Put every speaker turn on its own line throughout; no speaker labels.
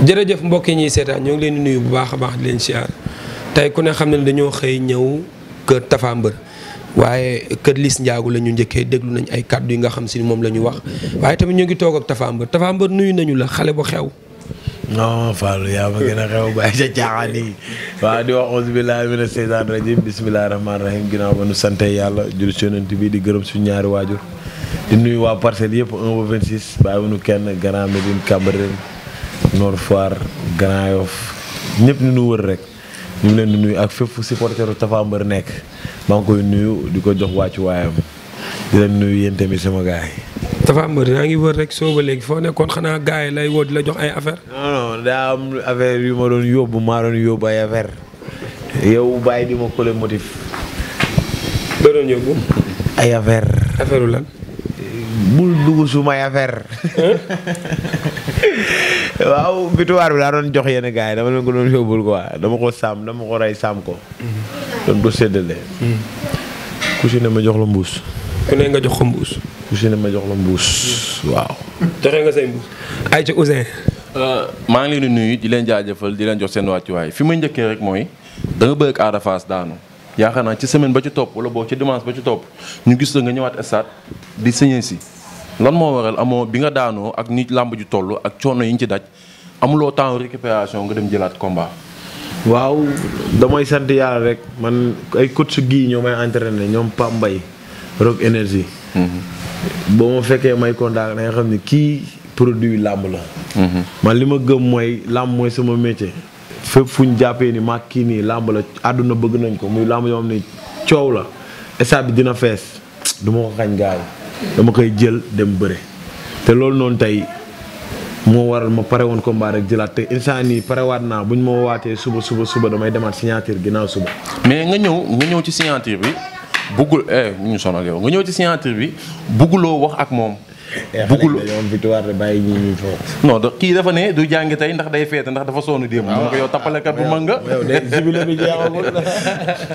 jërëjëf mbokk yi ñuy seetaan ñoo ngi leen di nuyu bu baax a baax leen siyaar tey ku ne xam ne dañoo xëy ñëw kër Tapha Mbeur waaye kër Liss Ndiago la njëkkee déglu nañ ay kàddu yi nga xam si ni moom la ñu wax waaye tamit ñu ngi toog ak Tapha Mbeur Tapha Mbeur nuyu nañu la xale bu xew. non Fallou yaa ma gën a xew bàyyi ca caaxaan yi waaw di wax auzu billaahi mina seytaani
rajiim bismillaahi rahmaani rahiim ginnaaw ba nu sante yàlla julli ci di gërëm suñu ñaari waajur di nuyu waa parcelle yëpp 1 ba kenn Grand Médine Cambérène Nord Foire Grand Yoff ñëpp nu wër rek ñu ngi leen di nuyu ak fépp supporteru Tapha nekk maa ngi koy nuyu di ko jox wàccu waayam di nuyu yéen tamit sama gars yi.
Tapha yaa ngi wër rek soo ba léegi foo nekkoon xanaa gars yi lay woo di la jox ay affaire
non daa am affaire yu ma doon yóbbu maa doon yóbbu ay affaire yow bàyyi di ma ay affaire
waaw
bitiwaar bi daa doon jox yenn gaa yi dama leen ko doon yóbbul quoi dama ko saam dama ko rey saam ko. doon ko séddale. ku si ne ma jox la mbuus. ku ne nga jox ko mbuus. ku si ne ma jox la mbuus. waaw.
joxe nga say mbuus. ay ca Ousseyn.
Euh, maa ngi leen nuyu di leen jaajëfal di leen jox seen wàccuwaay fi ma njëkkee rek mooy danga bëgg Ada Fass daanu. yaakaar naa ci semaine ba ci topp wala boo ci dimanche ba ci topp ñu gis la nga ñëwaat stade di sañee lan moo waral amoo bi nga daanoo ak nit làmb ju toll ak coono yi ñu ci daj amuloo temps récupération nga dem jëlaat komba waaw damay sant yàlla rek
man ay coach gi ñoo may entraîné ñoom Pam Mbaye Rock Énergie. Mm-hmm. boo ma fekkee may kontaan da nga xam ne kii produit làmb la. Mm-hmm. man li ma gëm mooy làmb mooy sama métier. fépp fu ñu jàppee ni maag kii nii làmb la àdduna bëgg nañ ko muy làmb yoo xam coow la stade bi dina fees du ma ko xañ gaay dama koy jël dem bëre te loolu noonu tey moo waral ma pare woon combat rek jëlaat te instant nii parewaat naa buñ ma waatee suba suba suba damay demaat signature ginnaaw suba. mais
nga ñëw nga ñëw ci signature bi buggul eh ñu sonal yow nga ñëw ci signature bi bugguloo wax ak moom. buggul non da kii dafa ne du jàng tey ndax day feete ndax dafa sonn démb. waaw ah, ko yow tappalekat bu mag nga.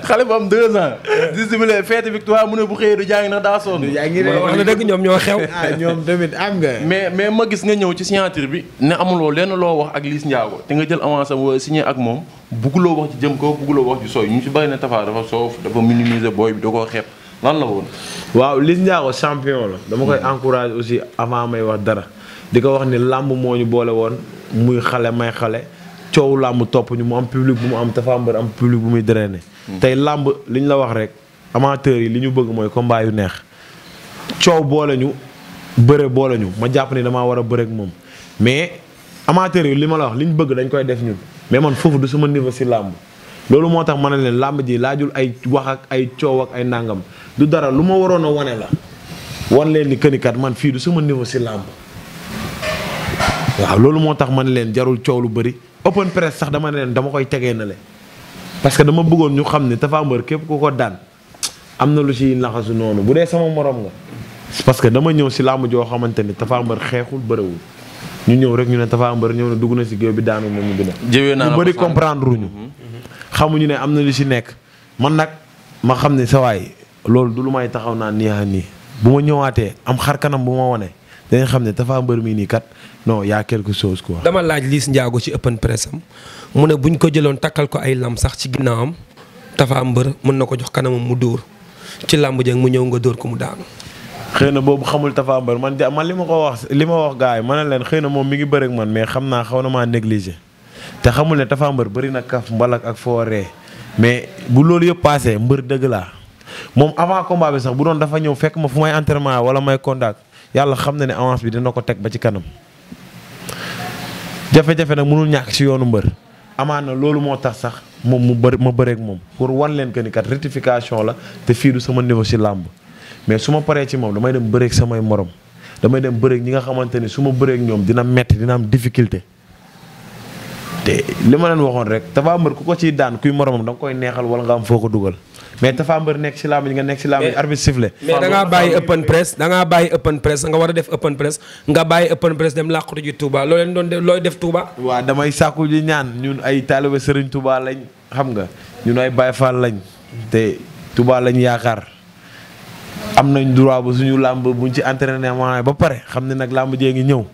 xale bu am deux ans. di jubilé feete victoire mu ne bu xëyee du jàng ndax daa sonn. Ah, am nga. mais mais ma gis nga ñëw ci signature bi ne amuloo lenn loo wax ak Liss nga jël avance am ak moom bugguloo wax ci jëm kaw bugguloo wax ci sooy ñu ci bari ne dafa soof booy bi da koo xeeb lan la woon. waaw Liss Ndiago champion la.
dama koy hmm. encouragé aussi avant may wax dara. di ko wax ni làmb moo ñu boole woon muy xale may xale coow làmb topp ñu mu am public bu mu am dafa mbër am public bu muy drainer. Hmm. tey làmb li ñu la wax rek amateurs yi li ñu bëgg mooy combat yu neex coow boole ñu bëre boole ñu ma jàpp ni damaa war a bëre ak moom mais amateurs yi li ma la wax li ñu bëgg dañ koy def ñun mais man foofu du sama niveau si làmb loolu moo tax ma ne leen làmb ji laajul ay wax ak ay coow ak ay nàngam lu dara lu ma waroon a wane la wan leen ni kënikat man fii du sama niveau si làmb waaw loolu moo tax man leen jarul coow lu bëri open press sax dama ne leen dama koy tegee na le parce que dama bëggoon ñu xam ne Tapha Mbeur képp ku ko daan am na lu ci naxasu noonu bu dee sama morom nga parce que dama ñëw si làmb joo xamante ni Tapha Mbeur xeexul bëriwul ñu ñëw rek ñu ne Tapha Mbeur ñëw ne dugg na si géew bi daanu moom ñu gën a ñu bëri comprendre uñu mhm. xamuñu ne am na lu si nekk man nag ma xam ne sa loolu du lu may taxaw naa nii ah nii bu ma ñëwaatee am xar kanam bu ma wane dañ xam ne dafa mbër mii nii kat no y' a quelque chose quoi.
dama laaj Liss Ndiago ci open press am mu ne buñ ko jëloon takkal ko ay lam sax ci ginnaawam tafa mbër mën na ko jox kanamam mu dóor ci làmb jeeg mu ñëw nga dóor ko mu daanu. xëy na boobu
xamul tafa mbër man ja man li ma ko wax li ma wax gars yi ma ne leen xëy na moom mi ngi bëreeg man mais xam naa xaw na maa négligé te xamul ne tafa mbër bëri na kaf mbalak ak fooree mais bu loolu yëpp paasee mbër dëgg laa. moom avant combat bi sax bu doon dafa ñëw fekk ma fu may entraînement wala may contact yàlla xam na ne avance bi dina ko teg ba ci kanam jafe-jafe nag mënul ñàkk ci yoonu mbër amaan na loolu moo tax sax moom mu bëri ma bëreek moom pour wan leen que ni kat rectification la te fii du sama niveau si làmb mais su ma paree ci moom damay dem bëreek samay morom damay dem bëreeg ñi nga xamante ni su ma bëreek ñoom dina metti dina am difficulté te li ma leen waxoon rek Tapha Mbeur ku ko ciy daan kuy moromam da nga koy neexal wala nga am foo ko dugal mais Tapha Mbeur
nekk si làmb nga nekk si làmb arbitre sifflé mais da bàyyi open press da ngaa bàyyi open press a def open press nga bàyyi open press dem làqatu ji Touba loo leen doon def looy def damay sàkku ji ñaan ñun ay taalibe Serigne Touba lañ xam nga
ñun ay Baye Fall lañ te Touba lañ yaakaar am nañ droit ba suñu làmb buñ ci entraînement ba pare xam ne nag làmb jee ngi ñëw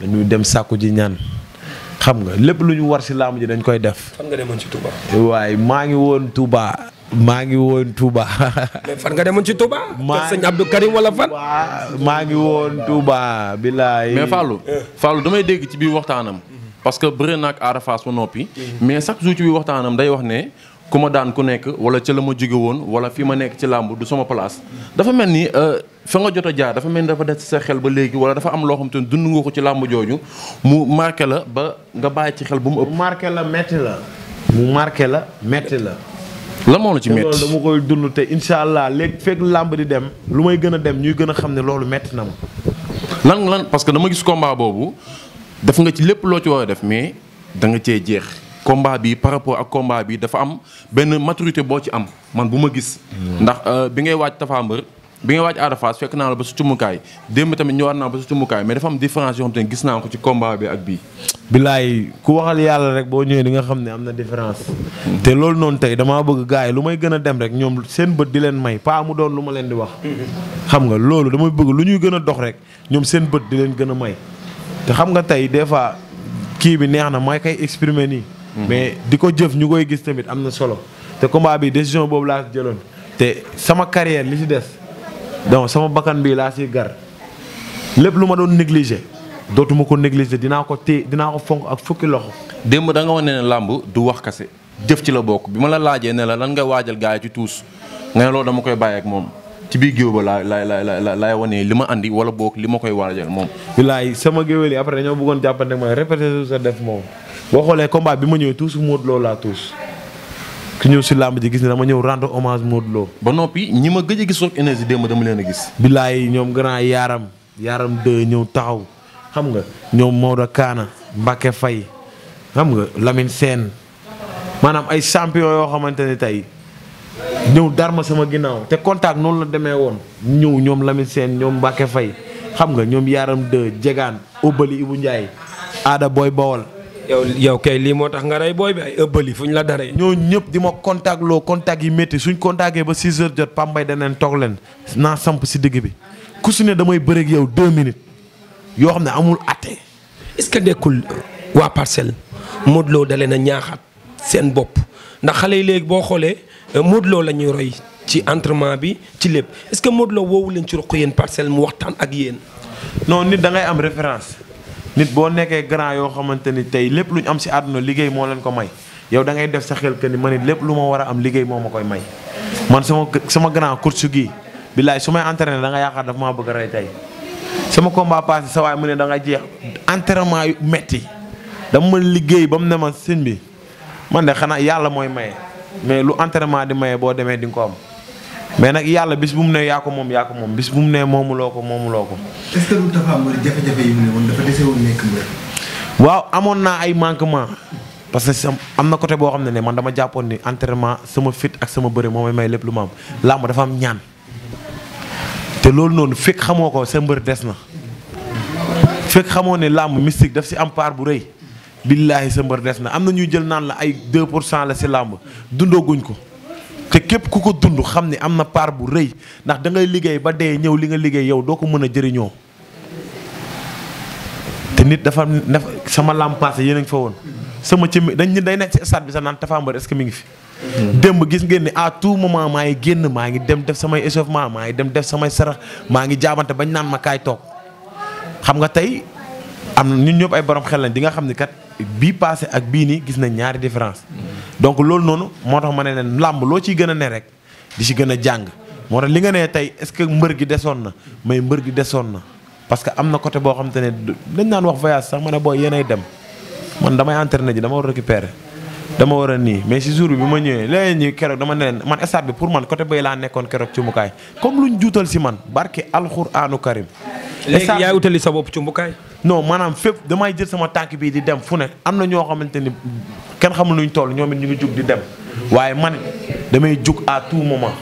dañuy dem sàkku ji ñaan xam nga lépp lu ñu war si làmb ji dañ koy def.
nga demoon ci Touba.
waaye maa ngi woon Touba. maa ngi woon Touba.
mais fan nga demoon ci Touba. maa sëñ Abdou Karim wala fan. maa ngi woon Touba bilaay. mais Fallou eh. Fallou damay dégg ci biir waxtaanam. parce que bëri na ak noppi. Mm-hmm. mais chaque jour ci biir waxtaanam day wax ne ku ma daan ku nekk wala ca la ma jóge woon wala fi ma nekk ci làmb du sama place. dafa mel ni euh, fa nga jot jaar dafa mel ni dafa des sa xel ba léegi wala dafa am loo xam te ne ko ci làmb jooju mu marqué la ba nga bàyyi ci xel bu mu ëpp. mu la metti la. mu marqué la metti la. la ci metti loolu
koy dund te incha allah léegi fekk làmb di dem lu may gën a dem ñuy gën a xam ne loolu metti na ma.
lan lan parce que dama gis combat boobu def nga ci lépp loo ci war a def mais danga cee jeex. combat bi par rapport ak combat bi dafa am benn maturité boo ci am man bu ma gis. Mm. ndax euh, bi ngay wàcc Tapha Mbeur bi nga waaj Ada Fass fekk naa la ba sa cumukaay démb tamit ñëwaat naa ba sa cumukaay mais dafa am différence yoo xam ne gis naa ko ci combat bi ak bii. bilaay
ku waxal yàlla rek boo ñëwee di nga xam ne am na différence. te loolu noonu tey damaa bëgg gars yi lu may gën a dem rek ñoom seen bët di leen may paa mu doon lu ma leen di wax. xam nga loolu dama bëgg lu ñuy gën a dox rek ñoom seen bët di leen gën a may. te xam nga tey des fois kii bi neex na may koy exprimer nii. Mhm. mais di ko jëf ñu koy gis tamit am na solo. te combat bi décision boobu laa jëloon te sama carrière li ci des. donc sama bakkan bii laa si gar lépp lu ma doon négligé dootuma ko négligé dinaa ko téye dinaa ko fonk ak fukki
loxo. démb da nga wax ne làmb du wax kase jëf ci la bokk bi ma la laajee ne la lan ngay waajal gars yi ci tuus nga ne loolu dama koy bàyyi ak moom ci biir géew ba laay laay laay laay wane li ma andi wala boog li ma koy waajal moom.
laay sama géwél yi après dañoo bëggoon jàppante mooy répété sa def moom boo xoolee combat bi ma ñëwee tuus Modou Lo laa tuus. ki ñëw si làmb ji gis ne dama ñëw rendre hommage Modou Lo.
ba noppi ñi ma gëj a gis soog énergie ma dama leen a gis.
billaay ñoom grand yaaram yaaram de ñëw taxaw xam nga ñoom Maodo Kaana Mbacke Faye xam nga Lamine seen maanaam ay champion yoo xamante ne tey ñëw dar ma sama ginnaaw te contact noonu la demee woon ñëw ñoom Lamine seen ñoom Mbacke Faye xam nga ñoom yaaram de jegaan Obali Ibou Ndiaye aada booy Bawol yow yow kay lii moo tax nga rey booy bi ay ëbbali fu ñu la daree. ñoo ñëpp di ma contact loo contact yi métti suñ contacté ba 6 heures jot Pambay daneen toog leen naa samp si digg bi ku su ne damay bëreeg
yow 2 minutes yoo xam ne amul atte. est-ce que nekkul waa parcelle Modou Lo dalee na ñaaxaat seen bopp ndax xale léegi boo xoolee euh, Modou Lo la ñuy roy ci entrement bi ci lépp est-ce que Modou Lo woowu leen ci roq yéen parcelle mu waxtaan ak yéen. noonu nit da ngay am référence. nit boo nekkee grand yoo xamante ni tey lépp
lu ñu am si àdduna liggéey moo leen ko may yow dangay def sa xel que ni ma nit lépp lu ma war a am liggéey moo ma koy may. man sama sama grand course gi billaay su may entraîné da nga yaakaar daf maa bëgg a rey tey sama combat passé sa waay mu ne da nga jeex entraînement yu metti dama ma liggéey ba mu ne ma sëñ bi man de xanaa yàlla mooy maye mais lu entraînement di maye boo demee di nga ko am. mais nag yàlla bis bu mu ne yaa ko moom yaa ko moom bis bu mu ne moomuloo ko moomuloo ko. waaw amoon naa ay manquement parce que sam am na côté boo xam ne ne man dama jàppoon ni entraînement sama fit ak sama bëri moo may may lépp lu ma am làmb dafa am ñaan te loolu noonu fekk xamoo ko sa mbër des na fekk xamoo ne làmb mystique daf si am part bu rëy billaahi sa mbër des na am na ñuy jël naan la ay 2 pour cent la si làmb dundooguñ ko. képp ku ko dund xam ne am na part bu rëy ndax da ngay liggéey ba dee ñëw li nga liggéey yow doo ko mën a jëriñoo te nit dafa sama lampaase yéen a fa woon sama ci dañ day nekk ci stade bi sax naan Tapha Mbeur est mi ngi fi. démb gis ngeen ni à tout moment maa ngi génn maa ngi dem def samay échauffement maa ngi dem def samay sarax maa ngi jaabante bañ naan ma kaay toog xam nga tey am na ñun ñëpp ay borom xel lañ di nga xam ni kat. bii passé ak bii nii gis nañ ñaari différence donc loolu noonu moo tax ma ne leen làmb loo ciy gën a ne rek di ci gën a jàng moo tax li nga ne tey est-ce que mbër gi desoon na mais mbër gi desoon na parce que am na côté boo xam te ne dañ naan wax voyage sax ma ne booy yéenay dem man damay entraîné ji dama war récupérer dama war a nii mais si jour bi ma ñëwee léeg ñi keroog dama ne leen man stade bi pour man côté bay laa nekkoon keroog cumbukaay comme luñ juutal si man barke alxuraanu karim. léegi yaay utali sa bopp cumbukaay. non maanaam fépp damay jël sama tànk bii di dem fu ne am na ñoo xamante ni kenn xamul nuñ toll ñoom it ñu ngi jug di dem waaye man damay jug à tout moment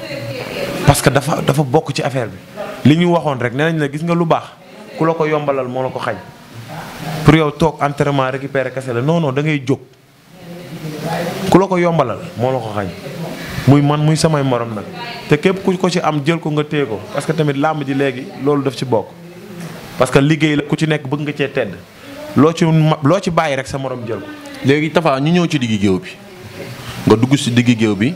parce que dafa dafa bokk ci affaire bi li ñu waxoon rek nee nañ la gis nga lu baax ku la ko yombalal moo la ko xañ pour yow toog entraînement récupérer kese la non da ngay jóg. ku la ko yombalal moo la ko xañ muy man muy samay morom nag te képp ku ko ci am jël ko nga téye ko parce que tamit làmb ji léegi loolu daf ci bokk parce que liggéey la ku ci nekk bëgg nga cee tedd loo ci loo ci bàyyi rek sa morom jël ko.
léegi Tapha ñu ñëw ci digg géew bi nga dugg si digg géew bi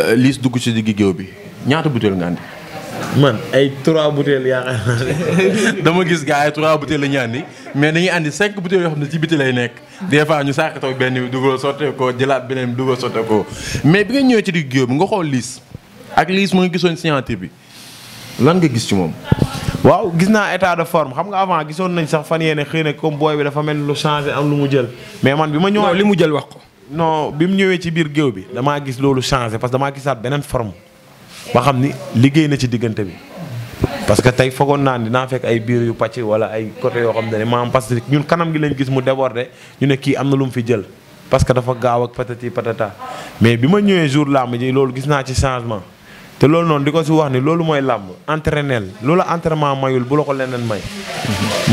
euh, Liss dugg ci diggi géew bi ñaata butéel nga andi. man ay trois bouteilles yaakaar naa dama gis gars ay trois bouteilles la ñu andi mais dañuy andi cinq bouteilles yoo xam ne ci biti lay nekk. des fois ñu saako toog benn bi dugal sotteekoo jëlaat beneen bi dugal sotteekoo mais bi nga ñëwee ci digg géew bi nga xool liis ak liis mu nga gisoon signature bi lan nga gis ci moom.
waaw gis naa état de forme xam nga avant gisoon nañ sax fan yéene xëy ne comme booy bi dafa mel lu changé am lu mu jël mais man bi ma ñëwee. li mu jël wax ko. non bi mu ñëwee ci biir géew bi damaa gis loolu changé parce que damaa gisaat beneen forme. ma xam ni liggéey na ci diggante bi parce que tey foogoon naa ni naa fekk ay biir yu pàcc wala ay côté yoo xam ne maanaam parce que ñun kanam gi lañ gis mu débordé ñu ne kii am na lu mu fi jël parce que dafa gaaw ak patati patata mais bi ma ñëwee jour laa làmb ji loolu gis naa ci changement te loolu noonu di ko si wax ni loolu mooy làmb entraînel loolu entraînement mayul bu la ko leneen may.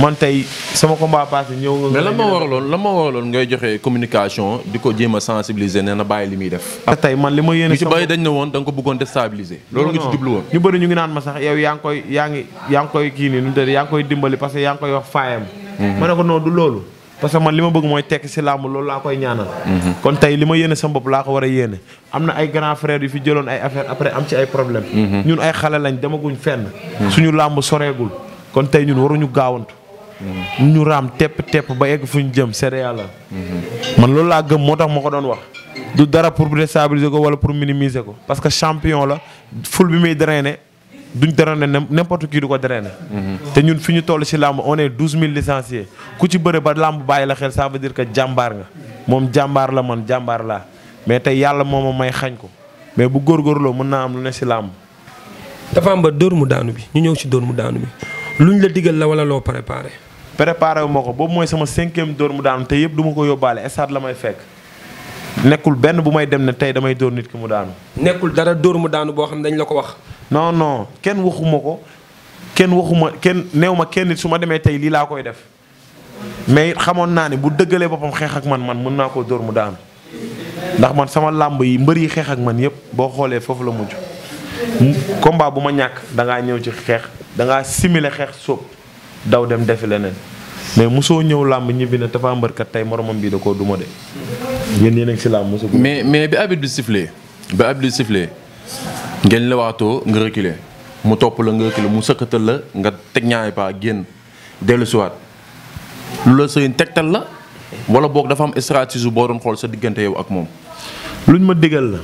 man tey sama combat passé ñëw. mais lan ma waraloon
lan ma waraloon joxe communication di ko jéem a sensibiliser nee na bàyyi li muy def.
te tey man li ma yéene. ñu ci bëri
dañ ne woon da ko bëggoon déstabiliser. loolu nga ci jublu woon
ñu bëri ñu ngi naan ma sax yow yaa ngi koy yaa ngi yaa ngi koy kii nii nu mu yaa ngi koy dimbali parce que yaa ngi koy wax faayam. Mm-hmm. ma ko non du loolu. parce que man li ma bëgg mooy tekki si làmb loolu laa koy ñaanal. Mhm. kon tey li ma yéene sa bopp laa ko war a yéene. am na ay grand frère yu fi jëloon ay affaire après am ci ay problème mhm. ñun ay xale lañ demaguñ fenn. Mhm. suñu làmb soreegul. kon tey ñun waruñu gaawantu. ñu raam tepp tepp ba egg fu ñu jëm c'est yàlla. man loolu laa gëm moo tax ma ko doon wax. du dara pour déstabiliser ko wala pour minimiser ko parce que champion la ful bi muy drainer. duñ drainer n'importe qui du ko drainer. Mhm. te ñun fi ñu toll si làmb on est douze mille licenciés ku ci bëre ba làmb bàyyi la xel ça veut dire que jàmbaar nga moom jàmbaar la man jàmbaar laa mais tey yàlla moo ma may xañ ko mais bu góorgóorloo mën naa am lu ne si làmb. dafa am ba dóor mu daanu bi ñu ñëw si dóor mu daanu bi ñu la digal la wala loo préparé. préparé wu ma ko boobu mooy sama cinquième dóor mu daanu te yëpp du ma ko yóbbaale stade la may fekk. nekkul benn bu may dem ne tey damay dóor nit ki mu daanu.
nekkul dara dóor mu daanu boo xam ne dañ la ko wax.
non non kenn waxuma ko kenn waxuma kenn néew ma kenn su ma demee tey lii laa koy def mais xamoon naa ne bu dëggalee boppam xeex ak man man mën naa koo dóor mu daanu ndax man sama làmb yi mbër yi xeex ak man yëpp boo xoolee foofu la mujj combat bu ma ñàkk da ngaa ñëw ci xeex da ngaa simuler xeex sóob daw dem defi leneen mais musoo ñëw làmb ñibbi ne Tapha Mbeur kat tey moromam bii da koo duma de. yéen yéen a ngi si
mais mais bi arbitre bi sifflé bi arbitre bi sifflé ngeen lewaatoo nga reculer mu topp la nga reculer mu sëkkatal la nga teg ñaari pas génn dellu siwaat lu la sëriñ tegtal la wala boog dafa am stratégie boo doon xool sa diggante yow ak moom. lu ñu ma digal la.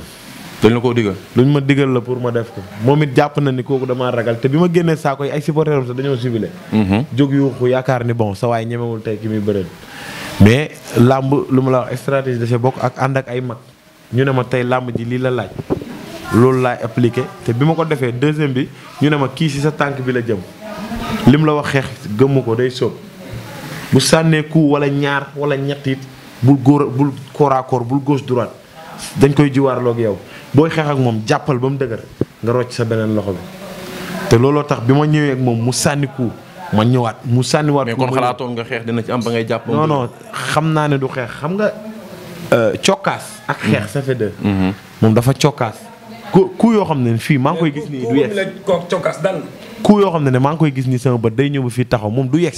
dañ la koo lu luñ ma digal
la pour ma def ko moom it jàpp na ni kooku damaa ragal te bi ma génnee saako yi ay supporteram sax dañoo ciblé. Mhm. jóg yuuxu yaakaar ni bon sa waay ñemewul tey ki muy bëreel. mais làmb lu ma la wax stratégie dafay bokk ak ànd ak ay mag ñu ne ma tey làmb ji lii la laaj loolu laay appliqué te bi ma ko defee deuxième bi ñu ne ma kii si sa tànk bi la jëm li lim la wax xeex gëmmu ko day sóob bu sànnee ku wala ñaar wala ñett it bul góor bul corps à corps bul gauche droite dañ koy jiwaarloog ak yow booy xeex ak moom jàppal ba mu dëgër nga rocc sa beneen loxo bi te looloo tax bi ma ñëwee ak moom mu sànni ku ma ñëwaat mu sànniwaat. mais kon
nga xeex dina ci am ba ngay jàpp. non
xam naa ne du xeex xam nga. Euh, cokkaas ak xeex mm. ça fait mm-hmm. moom dafa cokkaas. ku ku yoo xam ne fii maa ngi koy gis nii du yoo xam ne ne maa ngi koy gis nii sama bët day ñëw ba fii taxaw moom du yegg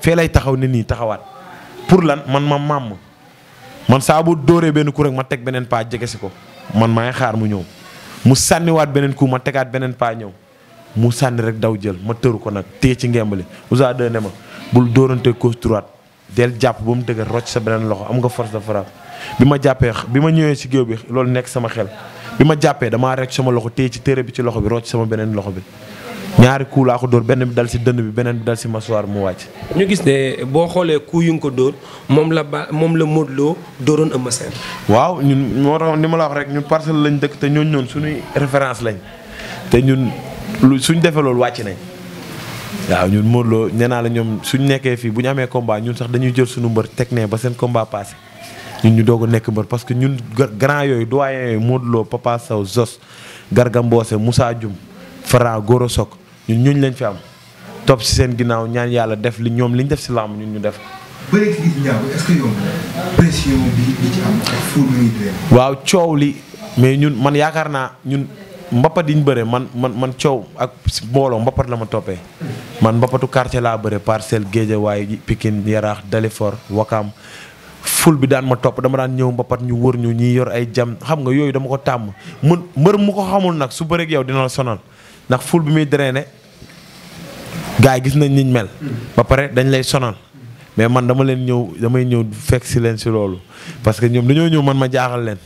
fee lay taxaw ne nii taxawaat pour lan man ma màmm man saa bu dóoree benn ku rek ma teg beneen paa jege si ko man maay xaar mu ñëw mu sànniwaat beneen ku ma tegaat beneen paa ñëw mu sànni rek daw jël ma tëru ko nag téye ci ngembali Ouza 2 ne ma bul dóorante gauche droite del jàpp ba mu dëgër rocc sa beneen loxo am nga force de frappe bi ma jàppee bi ma ñëwee ci géew bi loolu nekk sama xel bi ma jàppee damaa rek sama loxo téye ci téere bi ci loxo bi rocc sama beneen loxo bi ñaari coup laa ko dóor benn bi dal si dënn bi beneen bi dal si masuwaar mu wàcc.
ñu gis ne boo xoolee coup yu nga ko dóor moom la ba moom la Modou Lo dóoroon Eumeu Sène. waaw ñun moo tax ni ma la wax rek ñun parcelle lañ dëkk te ñooñu noonu suñuy référence
lañ te ñun. lu suñ defee loolu wàcc nañ
waaw ñun Modou Lo
nee naa la ñoom suñ nekkee fii bu ñu amee combat ñun sax dañuy jël suñu mbër teg nee ba seen combat passé ñun ñu doog nekk mbër parce que ñun grand yooyu doyen yooyu Modou Lo Papa Sow Zos Garga Mbossé Moussa Dioum Fara Goro Sok ñun ñuñ lañ fi am topp si seen ginnaaw ñaan yàlla def li ñoom liñ def si làmb ñun ñu def bëreeg waaw coow li mais ñun man yaakaar naa ñun mbappat yi ñu bëre man man man coow ak mbooloo mbapat la ma toppee man mbapatu quartier laa bëre Parcelles Guédiawaye Pikine Yaraax Dalifort Wakaam ful bi daan ma topp dama daan ñëw mbapat ñu wër ñu ñi yor ay jam xam nga yooyu dama ko tàmm mën mbër mu ko xamul nag su bëreeg yow dina la sonal ndax ful bi muy drainer gars yi gis nañ niñ mel ba pare dañ lay sonal mais man dama leen ñëw damay ñëw fekk si leen si loolu parce que ñoom dañoo ñëw man ma jaaxal leen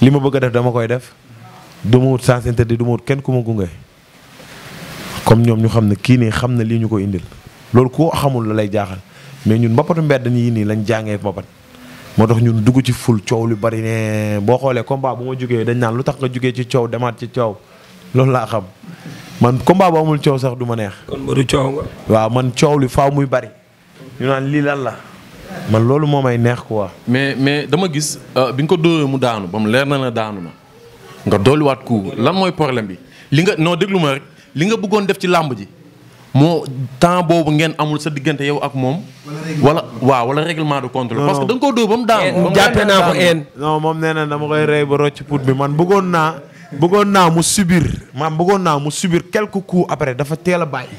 li ma bëgg a dama koy def du wut sens interdit du ma wut kenn ku ma gunge comme ñoom ñu xam ne kii nii xam na lii ñu ko indil loolu koo xamul la lay jaaxal mais ñun mbappatu mbedd yi nii lañ jàngee mbapat moo tax ñun dugg ci ful coow lu bari ne boo xoolee combat bu ma dañ naan lu tax nga jógee ci coow demaat ci coow loolu laa xam man combat bu amul coow sax du ma neex. kon mbaru coow waaw man coow li faaw muy bari. ñu naan lii lan la. man loolu moo may neex ko
mais mais dama gis euh, bi nga ko dóoree mu daanu ba mu leer na la daanu na. nga dolliwaat ku lan mooy problème bi li nga noo déglu ma rek li nga bëggoon def ci làmb ji moo temps boobu ngeen amul sa diggante yow ak moom. wala waaw wala règlement de compte parce que da nga koo dóor ba mu daan. Eh, jàppe naa ko en eh.
non moom nee na dama koy rey ba rocc pout bi man bëggoon naa. bëggoon naa mu subir maam bëggoon naa mu subir quelques coups après dafa teel a bàyyi.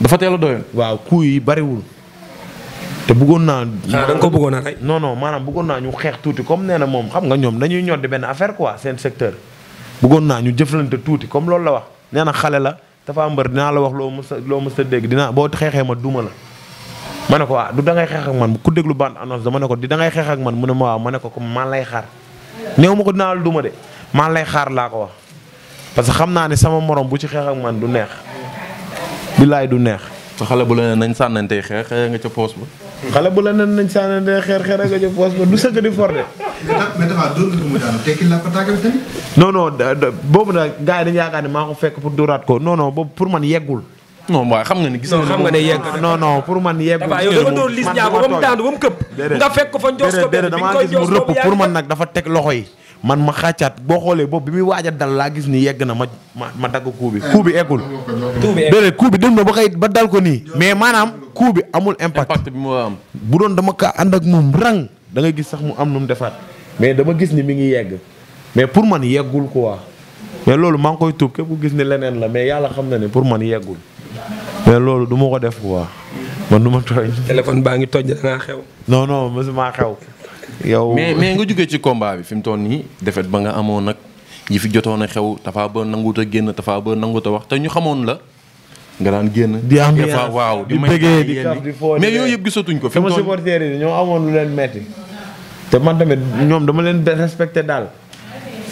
dafa teel a waaw coups yi bariwul. te bëggoon naa. ah da ko bëggoon a rey. non maanaam bëggoon naa ñu xeex tuuti comme nee na moom xam nga ñoom dañuy ñoddi benn affaire quoi seen secteur bëggoon naa ñu jëflante tuuti comme loolu la wax neena na xale la dafa mbër dinaa la wax loo mës a loo mës dégg dinaa boo xeexee ma duma la. ma ne ko ah da ngay xeex ak man ku déglu bande annonce dama ne ko di da ngay xeex ak man mu ne ma waaw ma ne ko comme maa lay xaar néew ma ko dinaa la duma de maa lay xaar laa ko wax parce que xam naa ne sama morom bu ci xeex ak man du neex billaay du neex. sa xale bu la
ne nañ sànnante xeex nga ca poos ba
xale bu la nen nañ saa ne xeer xeer ak a jëf poos ba du sëgg boobu nag gars yi dañu yaakaar ne maa ko fekk pour dóoraat ko non non boobu pour man yeggul. non waaye xam nga ni gis nga xam ne yegg non non pour man yeggul. waaw yow da nga doon lis ñaago ba mu daanu ba mu
këpp. nga fekk ko fa njoos ko benn bi nga koy njoos pour
man nag dafa teg loxo yi man ma xàccaat boo xoolee boobu bi muy waaj a dal laa gis ni yegg na ma ma ma dagg kuu bi kuu bi eggul
déedéet kuu bi dem na ba
xëy ba dal ko nii mais maanaam kuu bi amul impact bi moo am bu doon dama kaa ànd ak moom rang da ngay gis sax mu am nu mu defaat mais dama gis ni mi ngi yegg mais pour man yeggul quoi mais loolu maa ngi koy tuub képp gis ni leneen la mais yàlla xam na ne pour man yeggul mais loolu du ma ko def quoi man du ma tooñ baa ngi toj dangaa xew non non xew
yow mais mais nga jógee ci combat bi fi mu toll nii defet ba nga amoon nag yi fi jotoon a xew dafa Mbeur nanguut a génn Tapha Mbeur nanguut wax te ñu xamoon la. nga daan génn di am waaw di bëggee di kaf di foo mais yooyu yëpp gisatuñ ko. fi mu toll sama
ñoo amoon lu leen metti te man tamit ñoom dama leen respecté daal.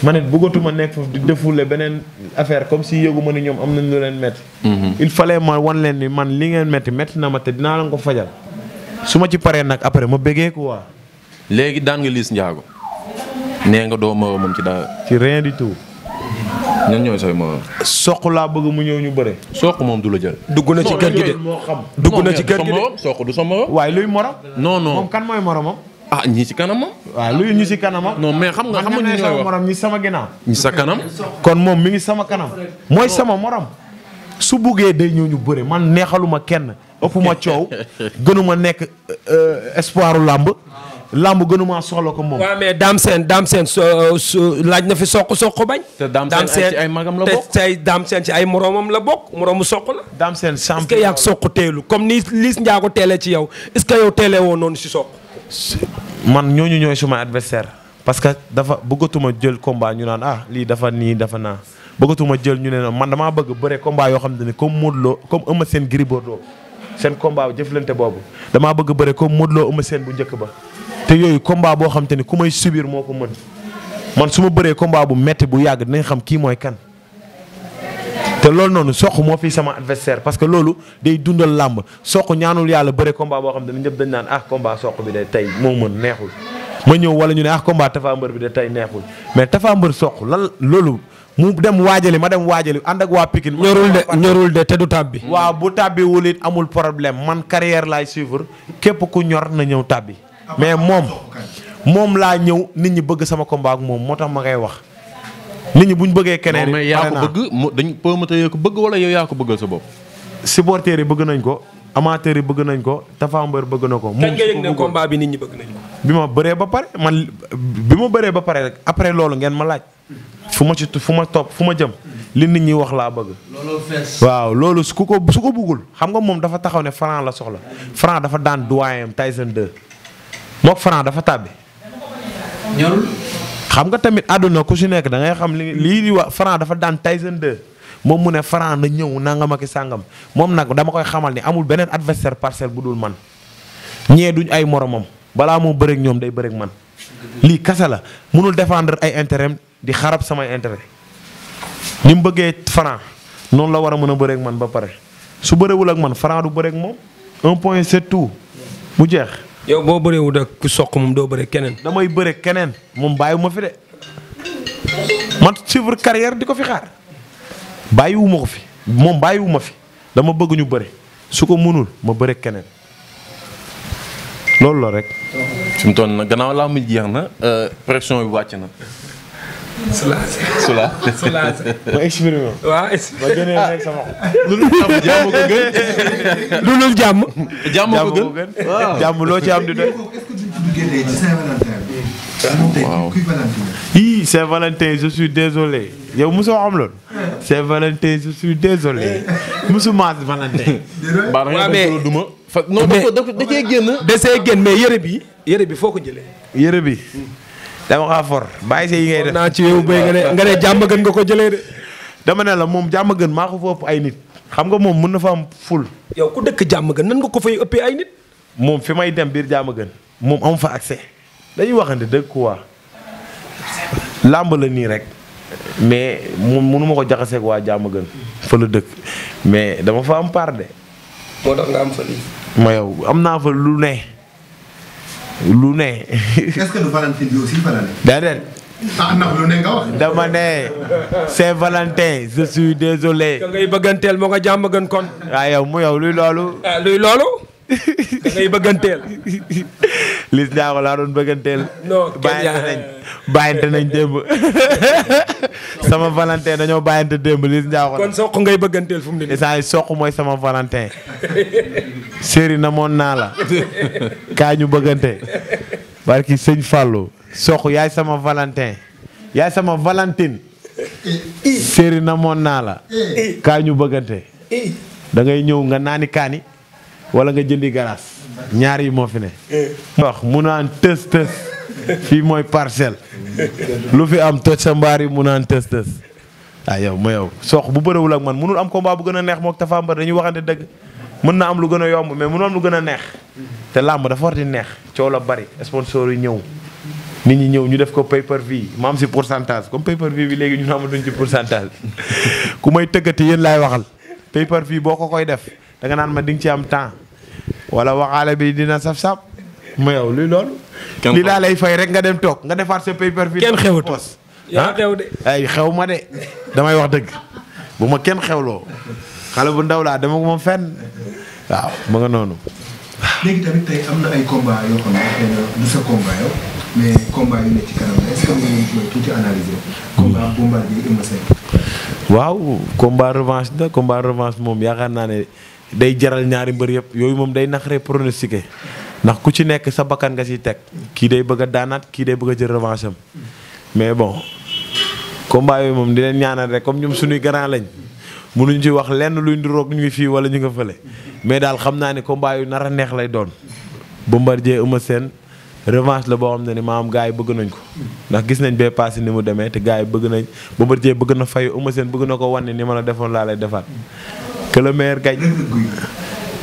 man it bëggatuma nekk foofu di défouler beneen affaire comme si yëgu ma ni ñoom am nañ lu leen metti mhm. il fallait ma wan leen ni man li ngeen metti metti na ma te dinaa la fajal. su ma ci paree nag après ma bëggee quoi.
léegi daan nga liis njaago nee nga doo moroomam ci dara. ci rien du tout. ñan ñooy say moroom. soq laa bëgg mu ñëw ñu bëre. soq moom du la jël. dugg na ci kër gi de
dugg na ci kër gi de
soq du sa moroom. waaye luy morom. non non moom kan mooy moromam. ah ñii ci kanamam. waaw luy ñu mais xam nga xam nga ñu sama morom
ñi sama ginnaaw. ñi sa kanam. kon moom mi ngi sama kanam. mooy sama morom. su buggee day ñëw ñu bëre man neexaluma kenn ëpp ma coow
gënuma nekk euh, espoiru làmb làmb gënumaa soxla ko moom. waaw mais Dame Sène Dame laaj na fi soq soq bañ. te Dame Sène ci ay magam la bokk te tey Dame Sène ci ay moromam la bokk moromu soq la. Dame Sène champion est-ce teelu comme ni Liss Ndiago teelee ci yow est-ce que yow teelee woon noonu si soq.
man ñooñu ñooy suma adversaire parce que dafa bëggatuma jël combat ñu naan ah lii dafa nii dafa naa bëggatuma jël ñu ne man dama bëgg bëre combat yoo xam ne comme Modou comme Eumeu Sène Gris Bordeaux seen combat jëflante boobu damaa bëgg bëre comme Modou Lo Eumeu bu njëkk ba te yooyu combat boo xam te ni ku may subir moo ko mën man su ma bëree combat bu metti bu yàgg dinañ xam kii mooy kan. te loolu noonu soq moo fi sama adversaire parce que loolu day dundal làmb soq ñaanul yàlla bëre combat boo xam ne ñëpp dañ naan ah combat soq bi de tey moo mën neexul. ma ñëw wala ñu ne ah combat Tapha Mbeur bi de tey neexul mais Tapha Mbeur soq lan loolu mu dem waajali ma dem waajali ànd ak waa Pikine. ñorul de ñorul de te du tàbbi. waa bu tàbbiwul it amul problème man carrière laay suivre képp ku ñor na ñëw tàbbi. mais moom moom laa ñëw nit ñi bëgg sama combat moom moo tax ma ngay wax nit ñi buñ bëggee keneen mais yaa ko bëgg
dañ promoteur yaa ko bëgg wala yow yaa ko bëggal sa bopp supporters yi bëgg nañ ko
amateurs yi bëgg nañ ko Tapha Mbeur bëgg na ko kañ
nga yëg bi nit ñi
bi ma bëree ba pare man bi ma bëree ba pare rek après loolu ngeen ma laaj fu ma si fu ma topp fu ma jëm li nit ñi wax laa bëgg. looloo waaw loolu su ko su ko bëggul xam nga moom dafa taxaw ne Franc la soxla Franc dafa daan doyen Tyson 2 mook Franc dafa tàbbi. xam nga tamit àdduna ku si nekk da ngay xam li lii di wax Franc dafa daan Tyson 2. moom mu ne Franc na ñëw nangam ak sàngam moom nag dama koy xamal ni amul beneen adversaire parcelle bu dul man ñee duñ ay moromam balaa moo bëreek ñoom day bëreeg man. lii kasa la mënul défendre ay intérêt di xarab samay intérêt ni bëggee Franc noonu la war a mën a bëreek man ba pare su bërewul ak man Franc du bëreeg moom un point c'est mu jeex. yow boo bëree wut ak soq moom doo bëree keneen. damay bëree keneen moom bàyyiwuma fi de man suivre carrière di ko fi xaar bàyyiwuma ko fi moom bàyyiwuma fi dama bëgg ñu bëri su ko mënul ma bëre keneen loolu la rek.
fi mu toll na gannaaw laa mu jeex na euh, pression bi wàcc na. sulaase sulaase sulaase. ma exprimé ko.
waaw ma gënee rek sama
lu dul jàmm ko gën.
lu dul jàmm. jàmm ko gën jàmm loo ci am di doy.
waaw. ii désolé yow mosoo am loon. Saint-Valentin je suis désolé mosuma Valentin. waaw mais
non da
cee génn. da
génn mais yëre bi. yëre bi foo ko jëlee. yëre bi. dama kaa for bàyyi sa yi ngay def naa ci yow béy nga ne nga ne jàmm gën nga ko jëlee de.
dama ne la moom jàmm gën maa ko fa ëpp ay nit xam nga moom mën na fa am ful. yow ku dëkk jàmm gën nan nga ko fay ëppee ay moom fi may dem biir jàmm gën moom am fa accès dañuy waxante dëgg quoi làmb la nii rek mais moom mënu ko jaxaseeg waa jàmm gën fa la dëkk mais dama fa am part de. moo tax nga am fa lii. ma yow am naa fa lu ne. lu ne. est-ce
que du Valentine bi aussi fa la ah, ne. déedéet.
dama ne Saint-Valentin
je désolé. ka ngay bëgganteel moo ko jàmm gën kon. waaw ah, yow mu yow luy loolu. Ah, luy loolu. da ngay bëgganteel. Liss Ndiago laa doon bëgganteel. non
bàyyante nañ euh, démb. sama Valentin dañoo bàyyante démb Liss Ndiago. kon soq ngay bëgganteel fu mu ne nii. instant yii soq mooy sama Valentin. séri na moon naa la. kaa bëggante. barki sëñ Fallou. soq yaay sama Valentin. yaay sama Valentine. séri na moon naa la. Eh, eh. kaa bëggante. Eh. da ñëw nga naani kaani. wala nga jëndi garaas ñaar yi moo fi ne wax mu naan tës tës fii mooy parcelle lu fi am toj sa mbaar yi mu naan tës tës ah yow ma yow sox bu bërewul ak man mënul am combat bu gën a neex moo Tapha Mbeur dañuy waxante dëgg mën na lu gën a mais mënul am lu gën a neex te làmb dafa war di neex coow la bari sponsor yi ñëw nit ñi ñëw ñu def ko pay per view ma si pourcentage comme pay per view bi léegi ñu amatuñ ci pourcentage ku may tëggati yéen laay waxal pay per view boo ko koy def danga naan ma di nga ci am temps wala waxaale bi dina saf-saf mu yow luy loolu li laa lay fay rek nga dem toog nga defaat sa pay per kenn xewut pos yaa ah? xew de ay xew ma de damay wax dëgg bu ma kenn xewloo xale bu ndaw laa dama ko moom fenn waaw ma nga noonu combat revanche da combat revanche moom yaakaar naa ne day jaral ñaari mbër yëpp yooyu moom day naxaree pronostiqué ndax ku ci nekk sa bakkan nga ciy teg kii day bëgg a daanaat kii day bëgg a jël revanche mais bon combat yooyu moom di leen ñaanal rek comme ñoom suñuy grand lañ mënuñ ci wax lenn luy ndiroog ñu ngi fii wala ñu nga fële mais daal xam naa ne combat yu nar a neex lay doon Bombardier Eumeu seen revanche la boo xam ne ni maam gars yi bëgg nañ ko ndax gis nañ bee passé ni mu demee te gars yi bëgg nañ Bombardier bëgg na fay Eumeu Sène na ko wan ni ma la defoon laa lay defaat que le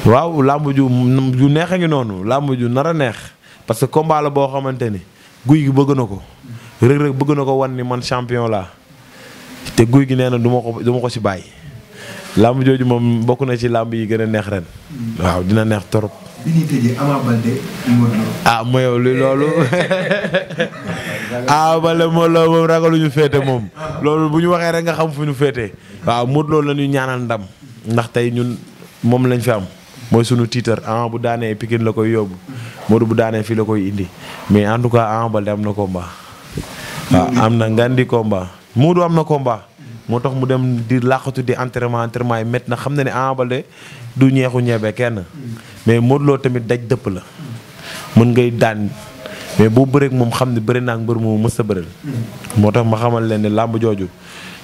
waaw làmb ju ju neex a ngi noonu làmb ju nar a neex parce que combat boo xamante ni guy gi bëgg na ko Reug Reug bëgg na ko wan ni man champion laa te guy gi nee na du ma ko du ko si bàyyi làmb jooju moom bokk na ci làmb yi gën a neex ren waaw dina neex torop ah mooy li loolu ah bale moom loolu moom ñu féete moom loolu bu ñu waxee rek nga xam fu ñu féete waaw Modou Lo la ñuy ñaanal ndam ndax tey ñun moom lañ fi am mooy sunu tiitar Ama bu daanee Pikine la koy yóbbu Modou bu daanee fii la koy indi mais en tout cas Ama am na combat waaw am na ngandi combat Modou am na combat moo tax mu dem di làqatu di entraînement yi met na xam na ne Ama Baldé du ñeexu ñebe kenn mais Modou Lo tamit daj dëpp la mën ngay daan mais boo bëreek moom xam ne bëri
naa ak mbër moomu mës a moo tax ma xamal leen ne làmb jooju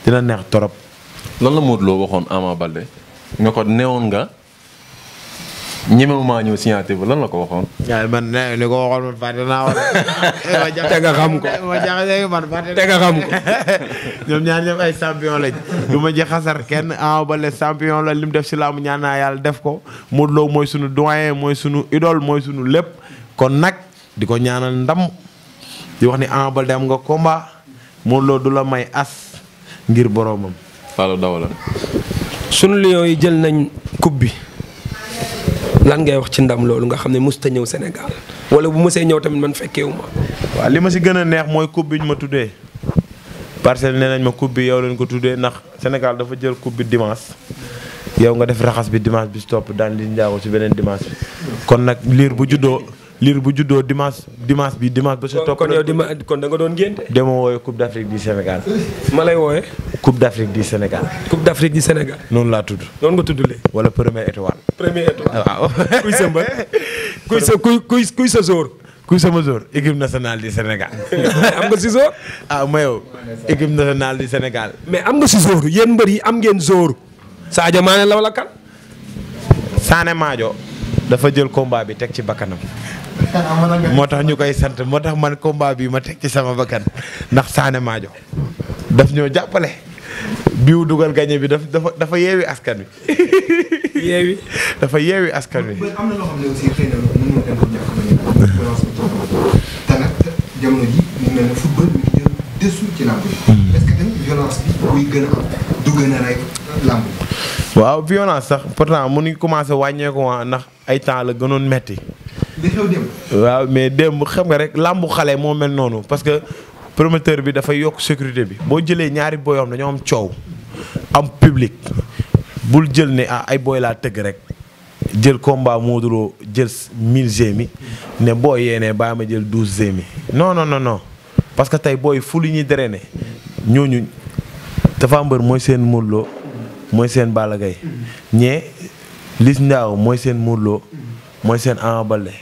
dina neex torop loolu la Modou Lo waxoon Ama Baldé nga ko newoon nga ñemewumaa ñëw signature bi lan la ko waxoon. waaye man nee li ko waxoon man fàtte naa woon.
Eh, xam
ko ma
jaxase man fàtte te nga xam ko. ñoom ñaar ñëpp ay champion lañ. du ma jaxasar kenn Ama ah, champion la lim def si laamu ñaan naa yàlla def ko Modou Lo mooy sunu doyen mooy sunu idole mooy sunu lépp. kon nag di ko ñaanal ndam di wax ni Ama Baldé am nga komba Modou Lo du la may as ngir boromam. Fallou
Daouda. sunu Lions yi jël nañ coupe bi lan ngay wax ci ndam loolu nga xam ne mosut a ñëw senegal wala bu mosee ñëw tamit man fekkeewu ma. waaw li ma si gën a neex mooy coupe bi ñu ma tuddee parcelle nee nañ ma coupe bi yow leen ko tuddee ndax Sénégal
dafa jël coupe bi dimanche yow nga def raxas bi dimanche bi si topp daan li njaago si beneen dimanche bi kon nag liir bu juddoo. liir bu juddoo dimanche dimanche bi dimanche ba sa topp kon yow da nga doon génte dama wooye coupe d' afrique du sénégal ma lay wooye coupe d' afrique du sénégal coupe d' afrique noonu laa tudd noonu nga tudd lee wala première étoile première étoile ah, waaw kuy sa mbër kuy sa kuy sa jour kuy sama nationale du sénégal am nga si jour ah ma yow équipe nationale du sénégal
mais am nga si jour yéen
mbër yi am ngeen jour Sadio Mané la wala kan Sané Maajo dafa jël combat bi teg ci bakkanam moo tax ñu koy sant moo tax man kombaa bi ma teg ci sama bakkan ndax saane Madio daf ñoo jàppale biu dugal gañe bi daf dafa dafa yeewi askan wi yeewi askan wi waaw violence sax pourtant mu ngi commencé wàññeeku waa ah, ndax ay temps la gënoon metti waaw mais démb xam nga rek làmbu xale moo mel noonu parce que promoteur bi dafay yokk sécurité bi boo jëlee ñaari booy am dañoo am coow am publique bul jël ne ah ay booy laa tëgg rek jël komba Modou Lo jël 1000 Gémi ne boo yéenee baa ma jël 12 Gémi non non non parce que tey booy fu lu ñuy drainer ñooñu. Tapha Mbeur mooy seen Modou Lo mooy seen balagay ñee Liss Ndiago mooy seen Modou Lo mooy seen Ama Baldé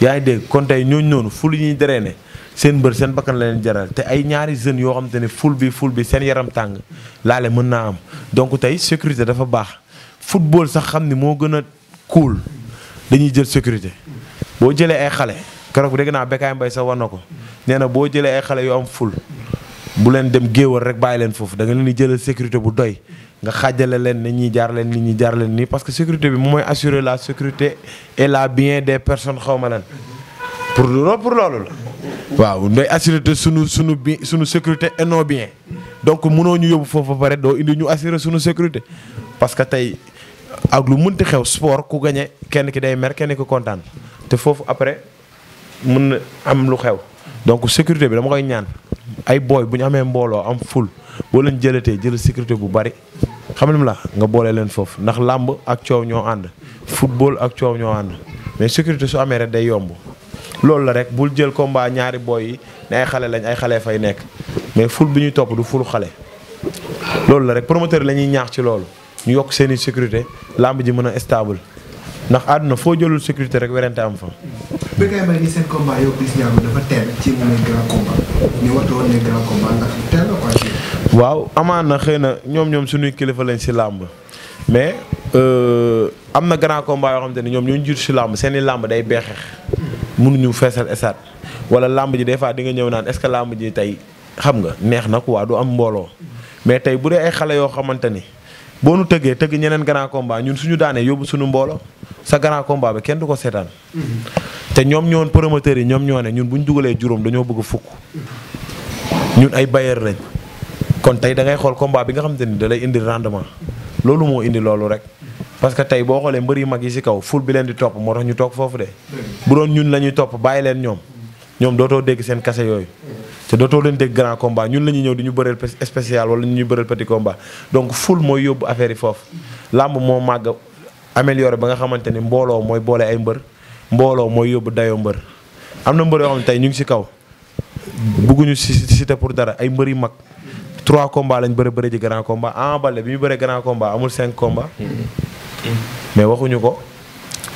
yaa ngi dégg kon tey ñooñu noonu ful yi ñuy drainer seen mbër seen bakkan la leen jaral te ay ñaari jeunes yoo xam te ne ful bi ful bi seen yaram tàng laale mën naa am donc tey sécurité dafa baax football sax xam ni moo gën a cool dañuy jël sécurité boo jëlee ay xale keroog dégg naa Bécaye Mbaye sax war na ko nee na boo jëlee ay xale yoo am ful bu leen dem géewal rek bàyyi leen foofu da nga leen di jëlal sécurité bu doy nga xaajale leen ni ñuy jaar leen ñuy jaar leen nii parce que sécurité bi mooy assurer la sécurité et la bien des personnes xaw ma lan pour loolu pour la. waaw ndoy assurer sunu sunu bi sunu sécurité et nos bien donc mënoo ñu yóbbu foofu ba pare doo indi ñu assurer sunu sécurité parce que tey ak lu mënti xew sport ku gañe kenn ki day mer kenn ki kontaan te foofu après mën na am lu xew donc sécurité bi dama koy ñaan. ay booy bu ñu amee mbooloo am ful boo leen jëlatee jël sécurité bu bari xam nga la nga boolee leen foofu ndax làmb ak coow ñoo ànd football ak coow ñoo ànd mais sécurité su amee rek day yomb loolu la rek bul jël combat ñaari booy yi ne ay xale lañ ay xale fay nekk mais ful bu ñuy topp du ful xale loolu la rek promoteur la ñuy ñaax ci loolu ñu yokk seeni sécurité làmb ji mën a stable ndax àdduna foo jëlul sécurité rek werante am fa. waaw amaan na xëy na ñoom ñoom suñuy kilifa lañ si làmb mais euh, am na grand combat yoo xamante ni ñoom ñoo jur si làmb seeni làmb day beexeex. mënuñu feesal esaat wala làmb ji des fois di nga ñëw naan est-ce que làmb ji tey xam nga neex na waa du am mbooloo mais tey bu dee ay xale yoo xamante ni. boo nu tëggee tëgg ñeneen grand combat ñun suñu daanee yóbbu suñu mboolo sa grand combat bi kenn du ko seetaan. te ñoom ñoon promoteurs yi ñoom ñoo ñun bu ñu dugalee juróom dañoo bëgg fukk. ñun ay bailleur lañ. kon tey da ngay xool combat bi nga xamante ni da lay indi rendement. loolu moo indi loolu rek. parce que tey boo xoolee mbër yu mag yi ci kaw ful bi leen di topp moo tax ñu toog foofu de. bu doon ñun la ñuy topp bàyyi leen ñoom. ñoom dootoo dégg seen kase yooyu te dootoo leen dégg grand combat ñun la ñuy ñëw di ñu bëreel spécial wala ñu ñuy bëreel petit combat donc ful mooy yóbbu affaire yi foofu làmb moo màgg amélioré ba nga xamante ni mbooloo mooy boole ay mbër mbooloo mooy yóbbu dayoo mbër am na mbër yoo xam ne tey ñu ngi si kaw bugguñu si cité pour dara ay mbër yu mag trois combats lañ bëri bëri ji grand combat Ama Baldé bi ñu bëree grand combat amul cinq combats mm-hmm. mais waxuñu ko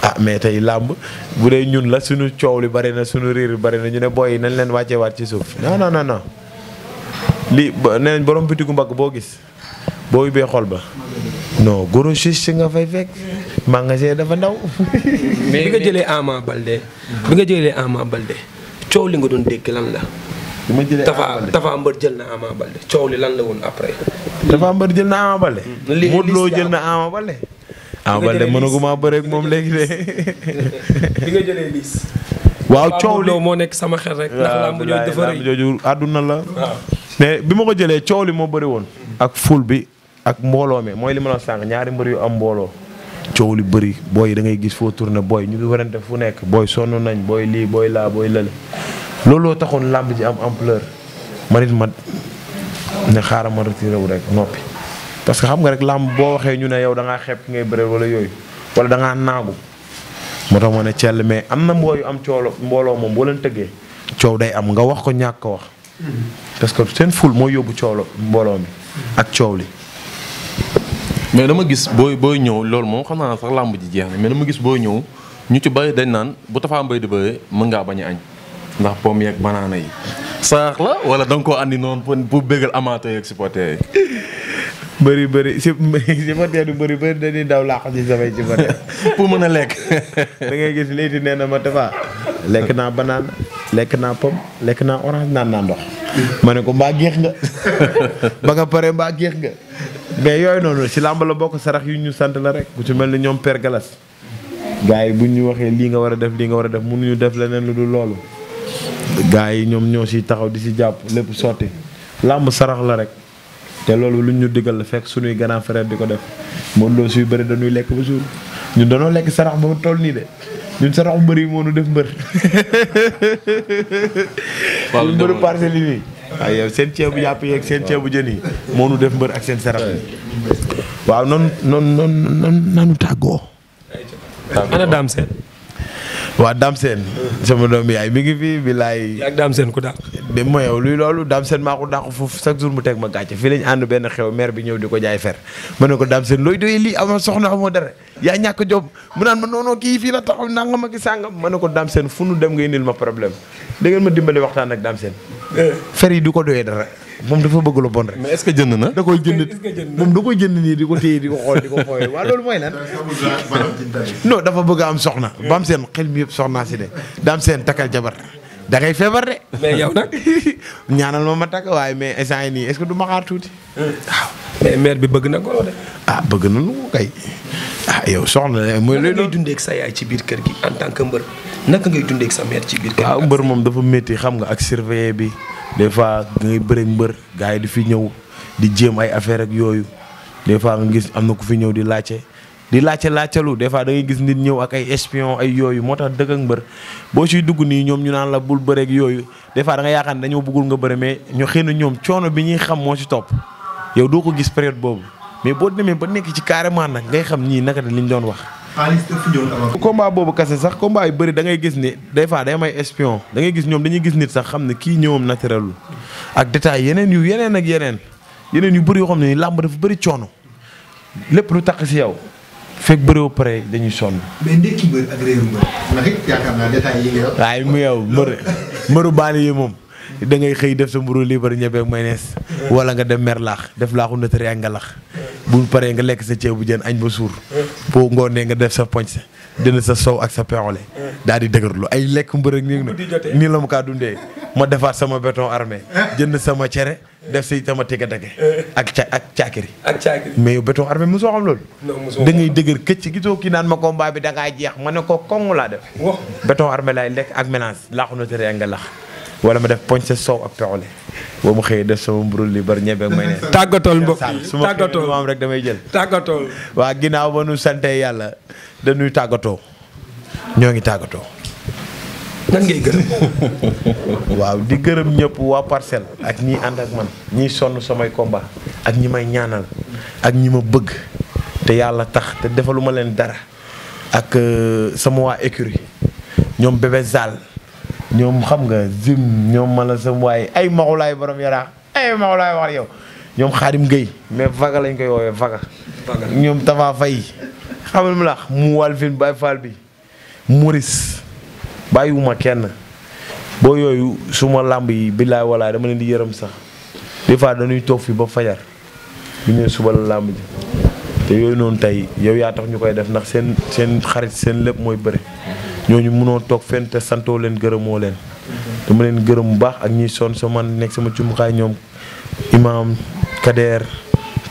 ah mais tey làmb bu dee ñun la suñu coow li bari na suñu riir yi bari na ñu ne booy yi nañ leen wàccee waat ci suuf non non non non lii nee nañ borom bitigu mbagg boo gis boo ubbee xol ba no goro si nga fay fekk magasin dafa ndaw.
mais bi nga jëlee Ama Balde. bi nga jëlee Ama Balde coow li nga doon dégg lan la. bi ma jëlee Ama Balde Mbër jël na Ama Balde coow li lan la woon après. jël na Ama Balde. Mm. ah Balde mënaguma bëre moom léegi de. bi waaw coow li moo nekk sama xel rek. ndax lamb
jooju àdduna la. mais bi ma ko jëlee coow li moo bari woon. ak ful bi ak mbooloo mi mooy li ma la sànq ñaari mbër yu am mbooloo. coow li bëri booy da ngay gis foo tourné booy ñu ngi warante fu nekk booy sonn nañ booy lii booy laa booy lële. looloo taxoon lamb ji am ampleur man ma ne xaaral ma retiré wu rek noppi. parce que xam nga rek làmb boo waxee ñu ne yow da ngaa ngay bëre wala yooyu wala da ngaa naagu moo tax moo ne cell mais am na mbooyu am coolo mbooloo moom boo leen tëggee coow day am nga wax ko ñàkk wax parce que seen ful moo yóbbu coolo mbooloo mi
ak coow li mais dama gis booy booy ñëw loolu moom xam naa sax làmb ji jeex na mais dama gis booy ñëw ñu ci bari dañ naan bu Tapha Mbeur di bëre mën ngaa bañ a añ ndax pomme yeeg banaana yi saax la wala da nga koo andi noonu pour pour bégal amateur yeeg supporter yi bëri
bëri si si matière du bëri bëri dañuy daw laax si samay ci matière pour mën a lekk da ngay gis léegi nee na ma dafa lekk naa banaan lekk naa pom lekk naa orange naan naa ndox ma ne ko mbaa géex nga ba nga pare mbaa géex nga mais yooyu noonu si làmb la bokk sarax yu ñu sant la rek ku ci mel ni ñoom Père Galas gars yi bu ñu waxee lii nga war a def lii nga war a def mënuñu def leneen lu dul loolu gars yi ñoom ñoo si taxaw di si jàpp lépp sotti làmb sarax la rek te loolu lu ñu digal la fekk suñuy grand frère di ko def Modou Lo suy bëri dañuy lekk ba suur ñu dañoo lekk sarax ba tool nii de ñun saraxu mbër yi moo ñu def mbër. waaw mbëru parcelles yi nii. waaw yow seen ceebu yàpp yeeg seen ceebu jën yi moo ñu def mbër ak seen sarax waaw noonu noonu noonu noonu tàggoo. waa Dame Sène sama doom yaay mi ngi fi bilaay. ak Dame Sène ku daa de mooy yow luy loolu Dame Sène maa ko dàq foofu chaque jour mu teg ma gàcce fii lañ ànd benn xew maire bi ñëw di ko jaay fer. ma ne ko Dame Sène looy doyee lii a soxna amoo dara yaa ñàkk jom mu naan ma noonu kii fii la taxaw ma ak sàngam ma ne ko Dame Sène fu nu dem nga indil ma problème da ngeen ma dimbale waxtaan ak Dame Sène eh. fer yi du ko doyee dara. moom dafa bëgg la bon rek. que jënd na. da koy jënd moom da koy jënd nii di ko téye di ko xool di ko fooyee waaw loolu mooy lan. dafa bëgg am soxna. ba am seen xel mi yëpp soxnaa si de. da seen takkal jabar da feebar de. yow nag. ñaanal ma ma takk waaye mais instant yii nii est-ce que du ma xaar tuuti. Hmm. waaw. mais bi bëgg na ko ah, bëgg na lu kay. ah yow soxna la mooy. loolu ngay dundee ak sa yaay ci biir kër gi en tant que mbër naka ngay dundee sa mère ci biir kër gi. waaw ah, mbër moom dafa métti xam nga ak surveiller bi des fois ngay bëreeg mbër gars yi di fi ñëw di jéem ay affaire ak yooyu des fois nga gis am na ku fi ñëw di laajte di laajte laajtalu des fois da ngay gis nit ñëw ak ay espion ay yooyu moo tax dëkk ak mbër boo ciy dugg nii ñoom ñu naan la bul bëreek yooyu des fois da nga yaakaar dañoo bëggul nga bëre mais ñu xëy na ñoom coono bi ñuy xam moo ci topp yow doo ko gis période boobu mais boo demee ba nekk ci carrément nag ngay xam ñii naka la liñ doon wax.
xaalis daf boobu
kase sax combat yu bëri da ngay gis ni des fois day may espion da ngay gis ñoom dañuy gis nit sax xam ne kii ñëwam naturel ak détail yeneen yu yeneen ak yeneen yeneen yu bëri yoo xam ne làmb dafa bëri coono lépp lu tax si yow fekk bëriwoo pare dañuy sonn. mais mu yow mbër yi moom. da xëy def sa mburu libre ñebe ak mayonnaise wala nga dem mer laax def laaxu natari ak nga lax bu paree nga lekk sa ceebu jën añ ba suur boo ngoonee nga def sa poñse dina sa sow ak sa peole daal di dëgërlu ay lekk mbërëg nii na nii la ma kaa dundee ma defaat sama béton armé jënd sama cere def si sama tege dege ak ca ak caakiri ak caakiri mais yow béton armé mosoo xam loolu da ngay dëgër këcc gisoo kii naan ma combat bi da jeex ma ne ko kong laa def béton armé laay lekk ak mélange laaxu na tere nga lax wala ma def poñse sow ak peole ba mu xëyee def sama mburu li bar ñebe may ne tàggatool mbokk su ma xëyee am rek damay jël tàggatool waa ginnaaw ba nu sante yàlla dañuy tàggatoo ñoo ngi tàggatoo nan ngay gërëm waaw di gërëm ñëpp waa parcelle ak ñi ànd ak man ñiy sonn samay combat ak ñi may ñaanal ak ñi ma bëgg te yàlla tax te defaluma leen dara ak euh, sama waa écurie ñoom bébé Zal ñoom xam nga zim ñoom mala sam waaye ay maxulaay boroom yaraax ay maxulaay wax yow ñoom xaadim gay mais vaga lañ koy woowee vaga ñoom Tafa Faye xamal mu lax mu walfin Baye Fall bi Maurice bàyyiwuma kenn boo yooyu suma làmb yi billaay walaay dama leen di yërëm sax des fois dañuy toog fi ba fajar bu ñëwee suba la làmb ji te yooyu noonu tey yow yaa tax ñu koy def ndax seen seen xarit seen lépp mooy bari ñooñu mënoo toog fenn te santoo leen gërëmoo leen. dama leen gërëm bu baax ak ñuy sonn sa man nekk sama cumukaay ñoom imaam Kader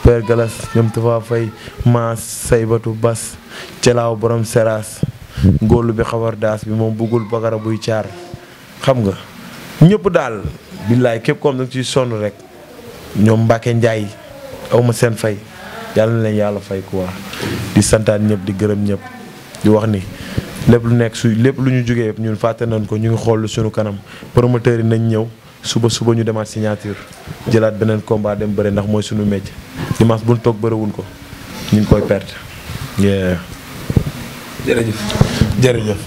Père Galas ñoom Tafa Fay Maas Saybatu Bas Celaaw borom Seras góorlu bi xawar daas bi moom buggul bagara buy caar xam nga ñëpp daal billaay képp koom danga ciy sonn rek ñoom Mbacke Ndiaye awma seen fay yàlla na leen yàlla fay quoi di santaan ñëpp di gërëm ñëpp di wax ni lépp lu nekk su lépp lu ñu jógee ñun fàtte nañ ko ñu ngi xool suñu kanam promoteur yi nañ ñëw suba suba ñu demaat signature jëlaat beneen combat dem bëre ndax mooy suñu métier dimanche bu ñu toog bëriwul ko ñu ngi koy perte. jërëjëf jërëjëf.